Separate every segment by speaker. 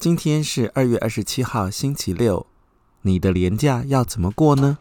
Speaker 1: 今天是二月二十七號，星期六。你的連假要怎麼過呢？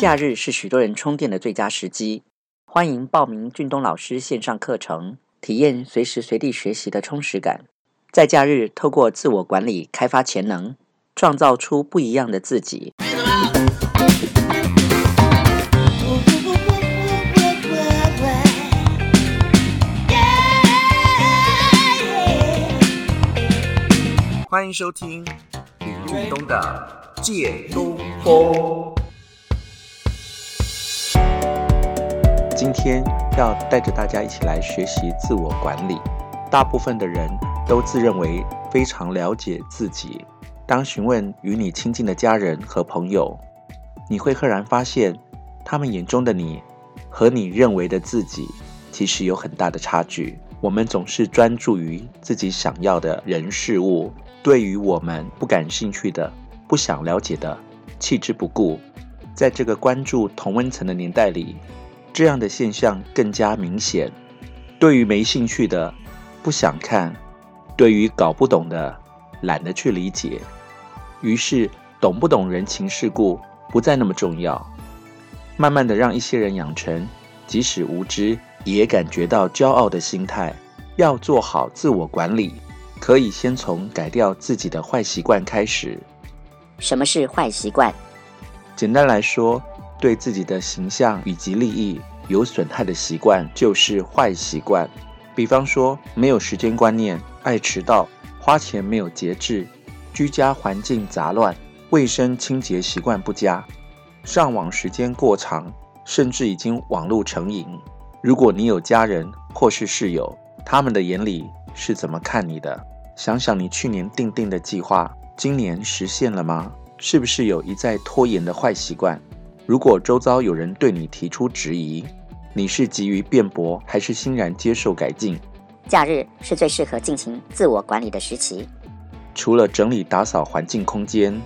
Speaker 1: 假日是許多人充電的最佳時機，歡迎報名俊東老師線上課程。體驗隨時隨地學習的充實感，在假日透過自我管理開發潛能，創造出不一樣的自己。歡迎收聽李俊東的《借東風》。今天要帶着大家一起來學習自我管理。大部分的人都自認為非常了解自己。當詢問與你親近的家人和朋友，你會赫然發現，他們眼中的你和你認為的自己其實有很大的差距。我們總是專注於自己想要的人事物，對於我們不感興趣的、不想了解的，棄之不顧。在這個關注同溫層的年代裡，這樣的現象更加明顯。對於沒興趣的，不想看；對於搞不懂的，懶得去理解。於是，懂不懂人情世故不再那麼重要。慢慢的，讓一些人養成即使無知也感覺到驕傲的心態。要做好自我管理，可以先從改掉自己的壞習慣開始。什麼是壞習慣？簡單來說，對自己的形象以及利益有損害的習慣就是壞習慣，比方說沒有時間觀念、愛遲到、花錢沒有節制、居家環境雜亂、衛生清潔習慣不佳、上網時間過長，甚至已經網路成癮。如果你有家人或是室友，他們的眼裡是怎麼看你的？想想你去年訂定的計劃，今年實現了嗎？是不是有一再拖延的壞習慣？如果周遭有人對你提出質疑，你是急於辯駁，還是欣然接受改進？
Speaker 2: 假日是最適合進行自我管理的時期。
Speaker 1: 除了整理打掃環境空間，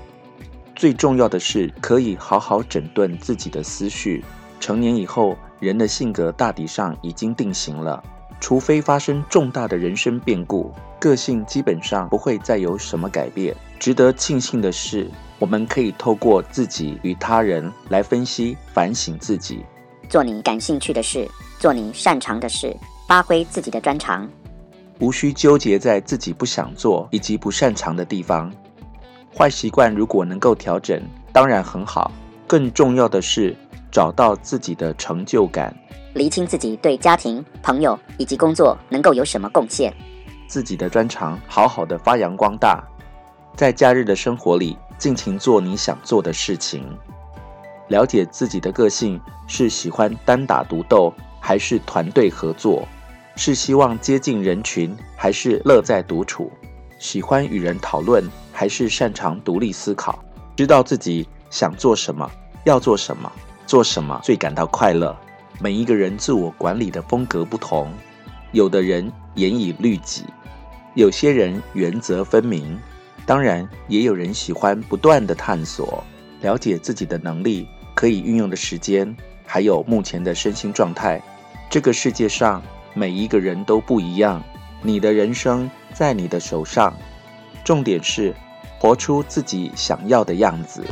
Speaker 1: 最重要的是可以好好整頓自己的思緒。成年以後，人的性格大抵上已經定型了。除非發生重大的人生變故，個性基本上不會再有什麼改變。值得慶幸的是，我們可以透過自己與他人來分析、反省自己。
Speaker 2: 做你感興趣的事，做你擅長的事，發揮自己的專長，
Speaker 1: 無需糾結在自己不想做以及不擅長的地方。壞習慣如果能夠調整，當然很好。更重要的是，找到自己的成就
Speaker 2: 感。釐清自己對家庭、朋友以及工作能夠有什麼貢獻，
Speaker 1: 自己的專長好好的發揚光大，在假日的生活裡盡情做你想做的事情。了解自己的個性，是喜歡單打獨鬥還是團隊合作？是希望接近人群還是樂在獨處？喜歡與人討論還是擅長獨立思考？知道自己想做什麼、要做什麼、做什麼最感到快樂。每一個人自我管理的風格不同，有的人嚴以律己，有些人原則分明，當然也有人喜歡不斷地探索，了解自己的能力，可以運用的時間，還有目前的身心狀態。這個世界上每一個人都不一樣，你的人生在你的手上，重點是活出自己想要的樣子。